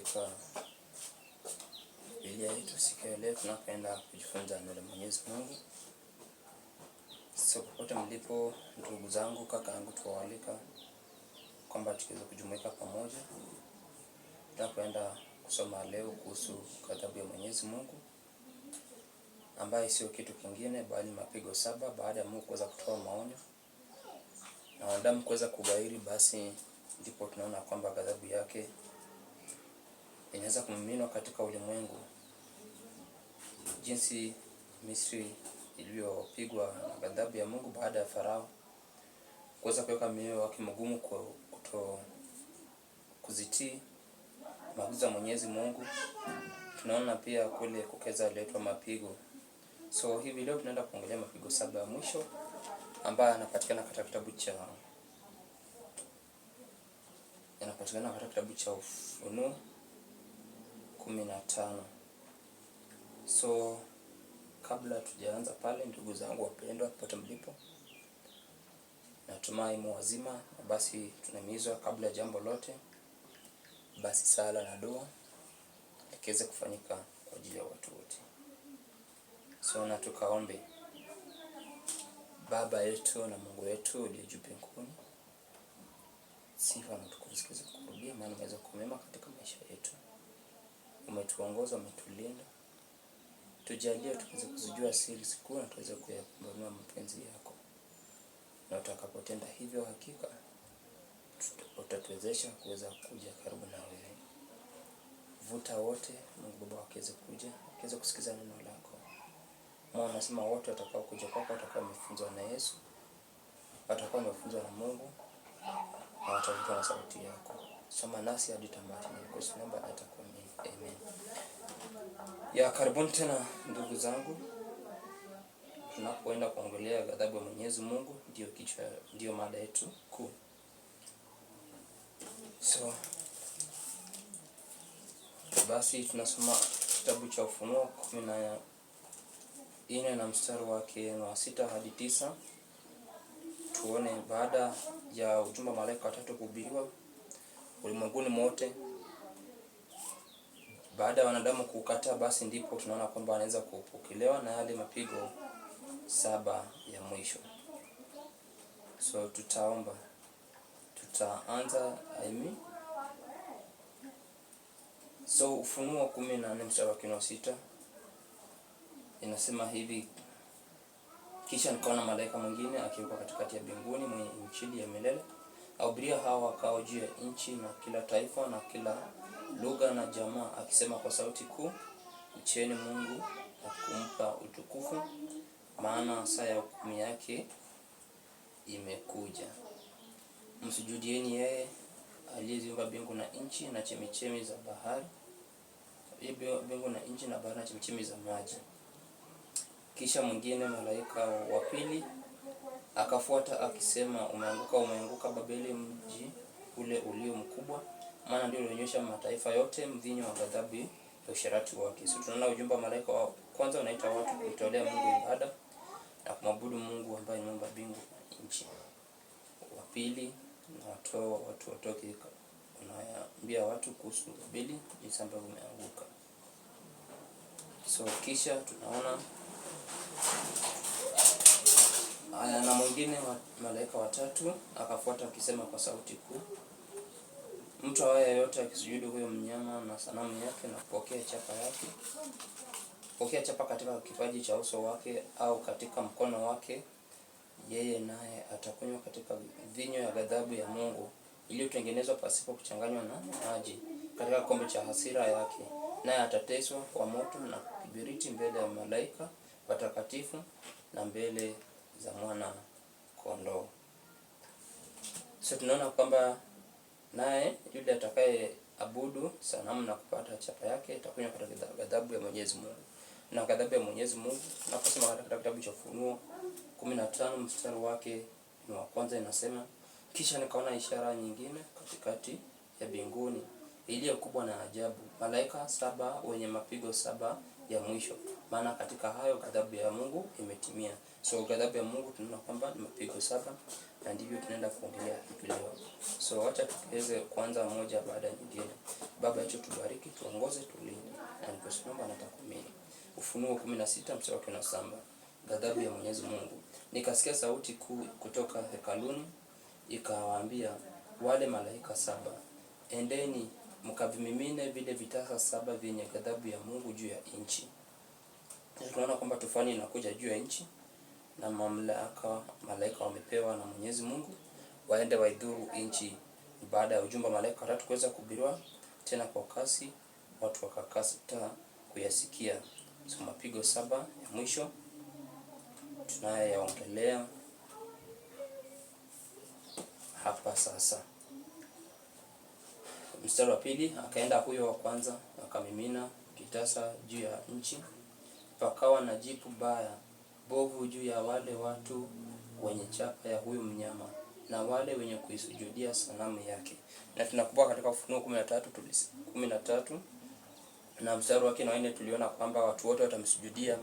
katika Biblia yetu siku ya leo tunapoenda kujifunza neno la Mwenyezi Mungu. So popote mlipo, ndugu zangu, kaka yangu, tuwaalika kwamba tukiweza kujumuika pamoja, tutakwenda kusoma leo kuhusu ghadhabu ya Mwenyezi Mungu ambaye sio kitu kingine bali mapigo saba baada ya Mungu kuweza kutoa maonyo na wanadamu kuweza kugairi, basi ndipo tunaona kwamba ghadhabu yake inaweza kumiminwa katika ulimwengu, jinsi Misri iliyopigwa na ghadhabu ya Mungu baada ya Farao kuweza kuweka mioyo yake mgumu kuto kuzitii maagizo ya Mwenyezi Mungu. Tunaona pia kule kukeza aliletwa mapigo. So hivi leo tunaenda kuangalia mapigo saba ya mwisho ambayo yanapatikana katika kitabu cha yanapatikana katika kitabu cha Ufunuo kumi na tano. So kabla tujaanza pale, ndugu zangu wapendwa, popote mlipo, natumai muwazima na basi, tunamizwa kabla ya jambo lote, basi sala na dua ikiweze kufanyika kwa ajili ya watu wote. So na tukaombe. Baba yetu na Mungu wetu uliye juu mbinguni, sifa na utukufu ziweze maana umeweza kumema katika maisha yetu umetuongoza, umetulinda. Tujalie tuweze kuzijua siri zako na tuweze kuyafunua mapenzi yako, na utakapotenda hivyo, hakika utatuwezesha kuweza kuja karibu na wewe. Vuta wote Mungu Baba wakiweze kuja, wakiweze kusikiza neno lako. Mungu anasema wote watakao kuja kwako watakuwa wamefunzwa na Yesu, watakuwa wamefunzwa na Mungu na watavutwa na sauti yako. Soma nasi hadi tamati, namba atakuwa ya karibuni tena ndugu zangu, tunapoenda kuongelea ghadhabu ya Mwenyezi Mungu, ndio kichwa, ndio mada yetu kuu. So basi tunasoma kitabu cha Ufunuo kumi na nne na mstari wake wa sita hadi tisa. Tuone baada ya ujumbe wa malaika watatu kuhubiriwa ulimwenguni mote baada ya wanadamu kukataa, basi ndipo tunaona kwamba anaweza kupokelewa na yale mapigo saba ya mwisho. So tutaomba, tutaanza mean. So Ufunuo kumi na nne mstari wa kumi na sita inasema hivi: kisha nikaona malaika mwingine akiruka katikati ya mbinguni mwenye injili ya milele, ahubiria hao wakao juu ya nchi na kila taifa na kila lugha na jamaa, akisema kwa sauti kuu, mcheni Mungu na kumpa utukufu, maana saa ya hukumu yake imekuja. Msujudieni yeye aliyeziumba mbingu na nchi na chemichemi za bahari, mbingu na nchi na bahari na chemichemi za maji. Kisha mwingine malaika wa pili akafuata akisema, umeanguka, umeanguka Babeli, mji ule ulio mkubwa maana ndio ulionyesha mataifa yote mvinyo wa ghadhabu ya usharati wake. Sio, tunaona ujumbe wa malaika wa kwanza unaita watu kutolea Mungu ibada na kumwabudu Mungu ambaye ni ameumba mbingu nchi. Wa pili nawatoa watu watoke, unaambia watu kuhusu Babeli jinsi ambavyo umeanguka. So kisha tunaona aya na mwingine wa malaika watatu akafuata akisema kwa sauti kuu Mtu awaye yote akisujudu huyo mnyama na sanamu yake na kupokea chapa yake, kupokea chapa katika kipaji cha uso wake au katika mkono wake, yeye naye atakunywa katika vinyo ya ghadhabu ya Mungu iliyotengenezwa pasipo kuchanganywa na maji katika kombe cha hasira yake, naye atateswa kwa moto na kibiriti mbele ya malaika watakatifu na mbele za mwana kondoo. So tunaona kwamba naye yule atakaye abudu sanamu na kupata chapa yake atakunywa katika ghadhabu ya Mwenyezi Mungu na ghadhabu ya Mwenyezi Mungu. kusema katika kitabu cha Ufunuo 15 mstari wake ni wa kwanza, inasema kisha nikaona ishara nyingine katikati ya binguni iliyo kubwa na ajabu, malaika saba wenye mapigo saba ya mwisho, maana katika hayo ghadhabu ya Mungu imetimia. So ghadhabu ya Mungu tunaona kwamba ni mapigo saba na ndivyo tunaenda kuendelea leo. So wacha tukiweze kwanza moja baada ya nyingine. Baba yetu tubariki, tuongoze, tulinde na nikusimama na takumini. Ufunuo 16 mstari wa 27. Ghadhabu ya Mwenyezi Mungu. Nikasikia sauti kuu kutoka hekaluni ikawaambia wale malaika saba, endeni mkavimimine vile vitasa saba vyenye ghadhabu ya Mungu juu ya nchi. Tunaona kwamba tufani inakuja juu ya nchi na mamlaka malaika wamepewa na Mwenyezi Mungu, waende waidhuru nchi. Baada ya ujumbe wa malaika watatu kuweza kubiriwa tena kwa kasi, watu wakakata kuyasikia. So mapigo saba ya mwisho tunayoyaongelea hapa sasa. Mstari wa pili, akaenda huyo wa kwanza akamimina kitasa juu ya nchi, pakawa na jipu baya bovu juu ya wale watu wenye chapa ya huyu mnyama na wale wenye kuisujudia sanamu yake. Na tunakumbuka katika Ufunuo kumi na tatu na tatu mstari wake na wanne tuliona kwamba watu wote watamsujudia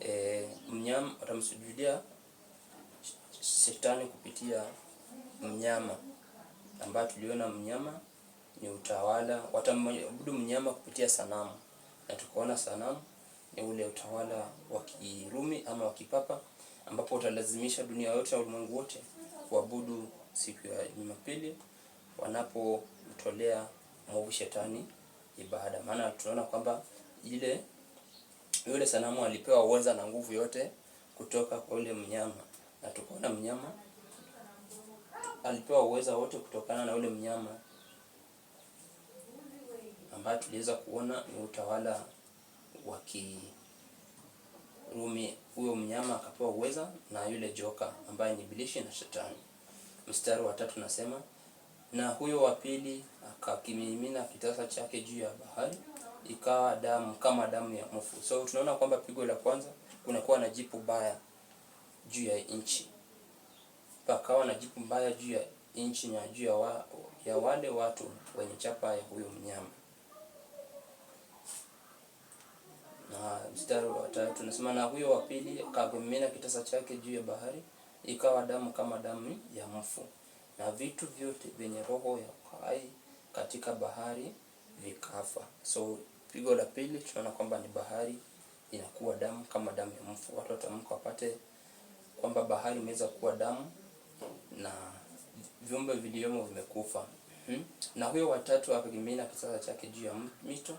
e, mnyama watamsujudia shetani kupitia mnyama ambayo tuliona mnyama ni utawala, watamwabudu mnyama kupitia sanamu, na tukaona sanamu ya ule utawala wa Kirumi ama wa kipapa, ambapo utalazimisha dunia yote au ulimwengu wote kuabudu siku ya Jumapili wanapomtolea mwovu shetani ibada. Maana tunaona kwamba ile yule sanamu alipewa uweza na nguvu yote kutoka kwa yule mnyama, na tukaona mnyama alipewa uweza wote kutokana na yule mnyama ambaye tuliweza kuona ni utawala huyo mnyama akapewa uweza na yule joka ambaye ni bilishi na Shetani. Mstari wa tatu nasema, na huyo wa pili akakimimina kitasa chake juu ya bahari, ikawa damu kama damu ya mofu. So tunaona kwamba pigo la kwanza kunakuwa na jipu baya juu ya nchi, pakawa na jipu mbaya juu ya nchi na juu ya, wa, ya wale watu wenye chapa ya huyo mnyama. Na mstari wa tatu nasema, na huyo wa pili akamimina kitasa chake juu ya bahari, ikawa damu kama damu ya mfu, na vitu vyote vyenye roho ya hai katika bahari vikafa. So pigo la pili tunaona kwamba ni bahari inakuwa damu kama damu ya mfu. Watu watamka wapate kwamba bahari imeweza kuwa damu na viumbe viliomo vimekufa. Hmm? Na huyo watatu akakimina kitasa chake juu ya mito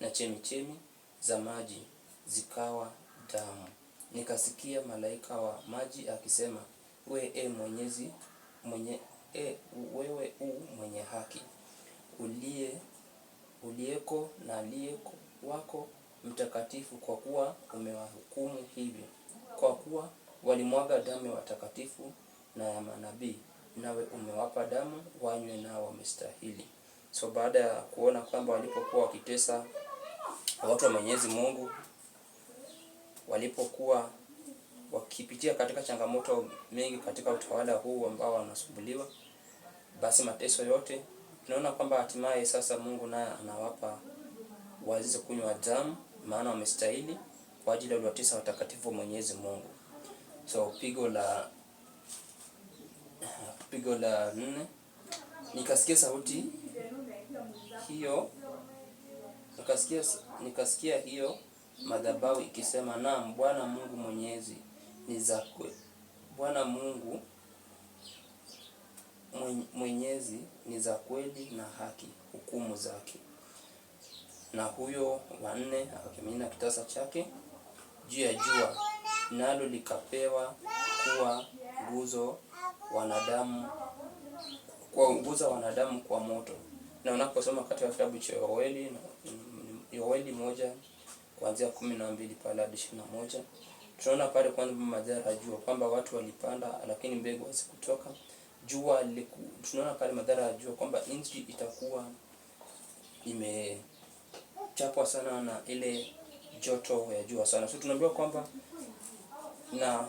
na chemichemi za maji zikawa damu. Nikasikia malaika wa maji akisema, we e Mwenyezi, mwenye, e, wewe u mwenye haki uliye uliyeko na aliyeko wako mtakatifu, kwa kuwa umewahukumu hivi, kwa kuwa walimwaga damu ya watakatifu na ya manabii, nawe umewapa damu wanywe, nao wamestahili. So baada ya kuona kwamba walipokuwa wakitesa na watu wa Mwenyezi Mungu walipokuwa wakipitia katika changamoto mengi katika utawala huu ambao wanasumbuliwa, basi mateso yote, tunaona kwamba hatimaye sasa Mungu naye anawapa wazizi kunywa damu, maana wamestahili kwa ajili ya kuwatesa watakatifu wa Mwenyezi Mungu. So pigo la pigo la nne, nikasikia sauti hiyo, nikasikia Nikasikia hiyo madhabahu ikisema, naam Bwana Mungu Mwenyezi, ni za Bwana Mungu Mwenyezi, ni za kweli na haki hukumu zake. Na huyo wanne akimina kitasa chake juu ya jua, nalo likapewa kuwa nguzo wanadamu kwa nguzo wanadamu kwa moto. Na unaposoma katika kitabu cha Yoeli ni oili moja kuanzia kumi na mbili pale hadi ishirini na moja. Tunaona pale kwanza mama Zara ajua kwamba watu walipanda lakini mbegu hazikutoka. Jua liku, tunaona pale madhara ya jua kwamba nchi itakuwa imechapwa sana na ile joto ya jua sana. So tunaambiwa kwamba na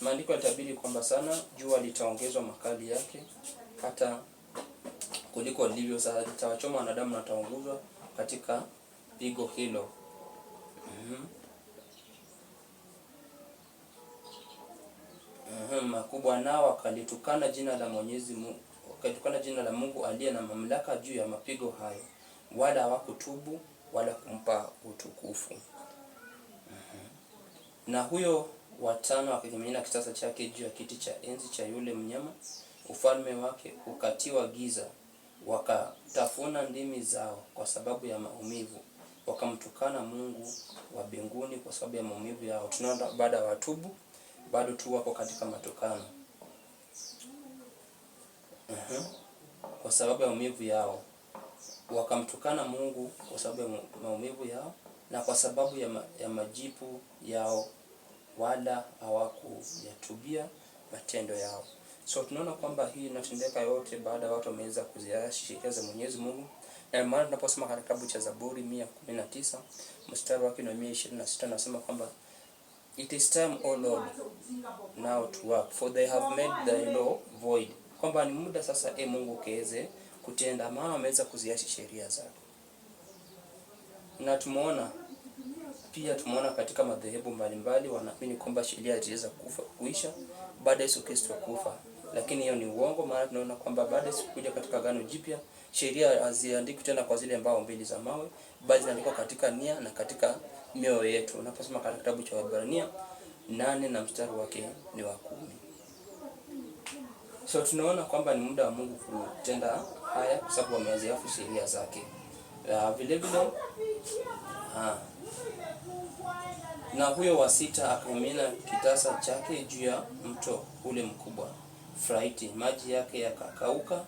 maandiko yatabiri kwamba sana jua litaongezwa makali yake hata kuliko lilivyo sasa, litawachoma wanadamu na taunguzwa katika pigo hilo. mm -hmm. Makubwa nao wakalitukana jina la Mwenyezi Mungu, wakalitukana jina la Mungu aliye na mamlaka juu ya mapigo hayo, wala hawakutubu wala kumpa utukufu. mm -hmm. Na huyo watano akakimimina kitasa chake juu ya kiti cha enzi cha yule mnyama, ufalme wake ukatiwa giza, wakatafuna ndimi zao kwa sababu ya maumivu wakamtukana Mungu wa mbinguni kwa sababu ya maumivu yao. Tunaona baada ya watubu bado tu wako katika matukano uhum, kwa sababu ya maumivu yao wakamtukana Mungu kwa sababu ya maumivu yao na kwa sababu ya, ma, ya majipu yao wala hawakuyatubia matendo yao. So tunaona kwamba hii inatendeka yote baada ya watu wameweza kuziashiria za Mwenyezi Mungu. E, maana tunaposoma katika kitabu cha Zaburi 119 mstari wake ni 126 nasema kwamba It is time, O Lord, now to work, for they have made thy law void. Kwamba ni muda sasa, e Mungu, ukiweze kutenda, maana wameweza kuziacha sheria zako. Na tumeona pia, tumeona katika madhehebu mbalimbali wanaamini kwamba sheria itaweza kufa kuisha baada ya Yesu Kristo kufa, lakini hiyo ni uongo, maana tunaona kwamba baada ya Yesu kuja katika gano Jipya sheria haziandikwi tena kwa zile mbao mbili za mawe, bali zinaandikwa katika nia na katika mioyo yetu. Unaposoma katika kitabu cha Waebrania nane na mstari wake ni wa kumi. So tunaona kwamba ni muda wa Mungu kutenda haya kwa sababu wameziafu sheria zake. Ah, vile vile ah, na huyo wa sita akamimina kitasa chake juu ya mto ule mkubwa Frati, maji yake yakakauka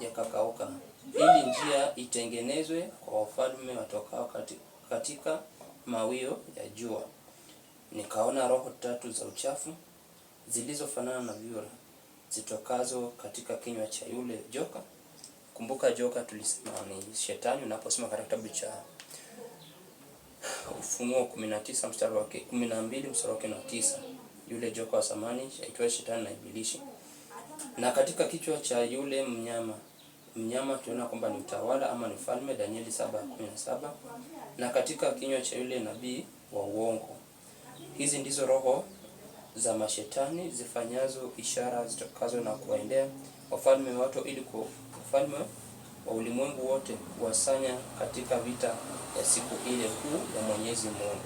yakakauka, ili njia itengenezwe kwa wafalme watokao katika mawio ya jua. Nikaona roho tatu za uchafu zilizofanana na vyura zitokazo katika kinywa cha yule joka. Kumbuka joka tulisema ni shetani, unaposema katika kitabu cha Ufunuo 19 mstari wa 12 mstari wa 9, yule joka wa samani aitwaye shetani na Ibilishi. Na katika kichwa cha yule mnyama mnyama tunaona kwamba ni utawala ama ni falme Danieli 7:17. Na katika kinywa cha yule nabii wa uongo, hizi ndizo roho za mashetani zifanyazo ishara zitakazo na kuendea wafalme watu ili kufalme wa ulimwengu wote wasanya katika vita ya siku ile kuu ya Mwenyezi Mungu.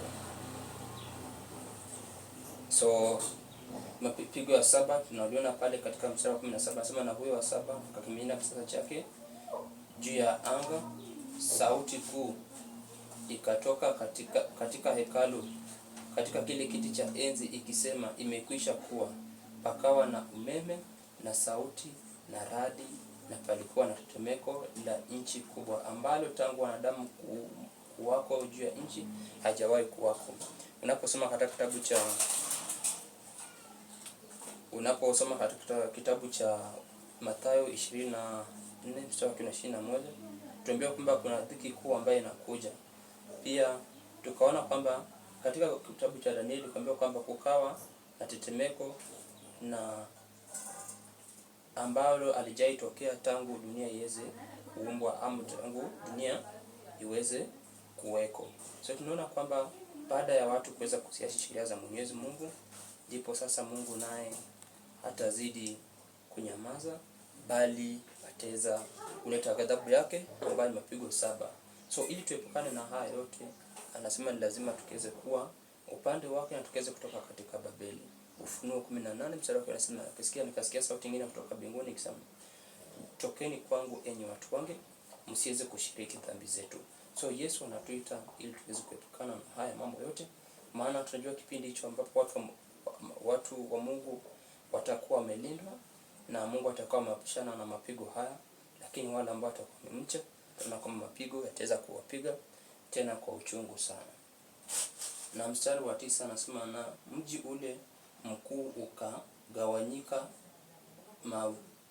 So mapigo ya saba tunaliona pale katika mstari wa 17, nasema na huyo wa saba akakimina kisasa chake juu ya anga, sauti kuu ikatoka katika, katika hekalu katika kile kiti cha enzi ikisema, imekwisha kuwa. Pakawa na umeme na sauti na radi, na palikuwa na tetemeko la nchi kubwa, ambalo tangu wanadamu kuwako juu ya nchi hajawahi kuwako. Unaposoma katika kitabu cha unaposoma katika kitabu cha Mathayo 24 mstari wa 21 na tuambiwa kwamba kuna dhiki kuu ambayo inakuja. Pia tukaona kwamba katika kitabu cha Danieli tukaambiwa kwamba kukawa na tetemeko na ambalo alijaitokea tangu dunia iweze kuumbwa ama tangu dunia iweze kuweko. So tunaona kwamba baada ya watu kuweza kusiasi sheria za Mwenyezi Mungu, ndipo sasa Mungu naye hatazidi kunyamaza, bali ateza kuleta ghadhabu yake ambayo ni mapigo saba. So ili tuepukane na haya yote, anasema ni lazima tukiweze kuwa upande wake na tukiweze kutoka katika Babeli. Ufunuo 18 mstari wake anasema, akisikia nikasikia sauti nyingine kutoka mbinguni ikisema, tokeni kwangu enyi watu wangu, msiweze kushiriki dhambi zetu. So Yesu anatuita ili tuweze kuepukana na haya mambo yote, maana tunajua kipindi hicho ambapo watu, watu wa Mungu watakuwa wamelindwa na Mungu atakuwa amewapushana na mapigo haya, lakini wale ambao watakuwa wamemcha, tuna kwamba mapigo yataweza kuwapiga tena kwa uchungu sana. Na mstari wa tisa anasema, na mji ule mkuu ukagawanyika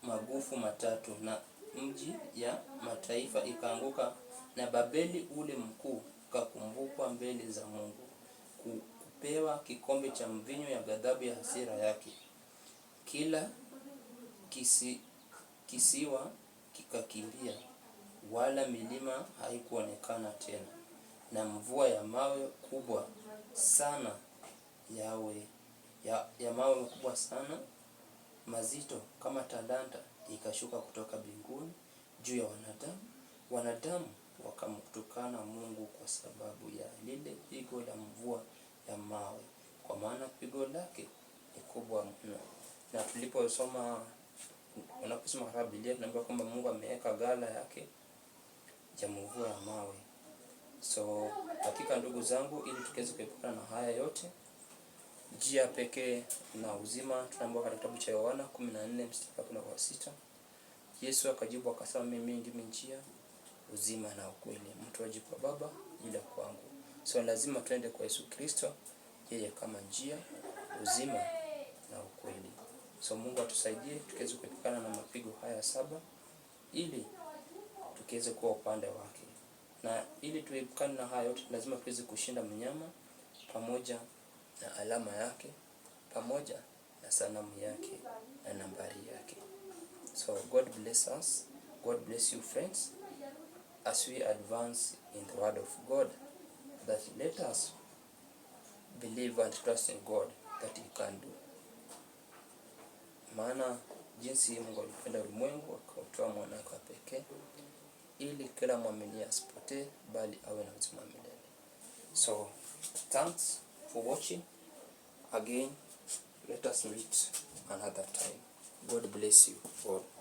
magufu matatu, na mji ya mataifa ikaanguka, na Babeli ule mkuu ukakumbukwa mbele za Mungu, kupewa kikombe cha mvinyo ya ghadhabu ya hasira yake. Kila kisi, kisiwa kikakimbia, wala milima haikuonekana tena, na mvua ya mawe kubwa sana yawe ya, ya mawe makubwa sana mazito kama talanta ikashuka kutoka mbinguni juu ya wanadamu. Wanadamu wakamtukana Mungu kwa sababu ya lile pigo la mvua ya mawe, kwa maana pigo lake ni kubwa mno na tuliposoma unaposoma katika Biblia tunaambiwa kwamba Mungu ameweka gala yake ya mvua ya mawe. So hakika ndugu zangu, ili tukiweze kuepukana na haya yote, njia pekee na uzima tunaambiwa katika kitabu cha Yohana 14 mstari wa sita, Yesu akajibu akasema, mimi ndimi njia, uzima na ukweli, mtu aje kwa Baba ila kwangu. So lazima tuende kwa Yesu Kristo, yeye kama njia, uzima So Mungu atusaidie tukiweze kuepukana na mapigo haya saba, ili tukiweze kuwa upande wake, na ili tuepukane na haya yote, lazima tuweze kushinda mnyama pamoja na alama yake pamoja na sanamu yake na nambari yake. So God bless us. God bless you friends as we advance in the word of God that let us believe and trust in God that he can do maana jinsi Mungu alipenda ulimwengu akautoa mwana wake pekee, ili kila mwamini asipotee, bali awe na uzima milele. So thanks for watching again. Let us meet another time. God bless you all.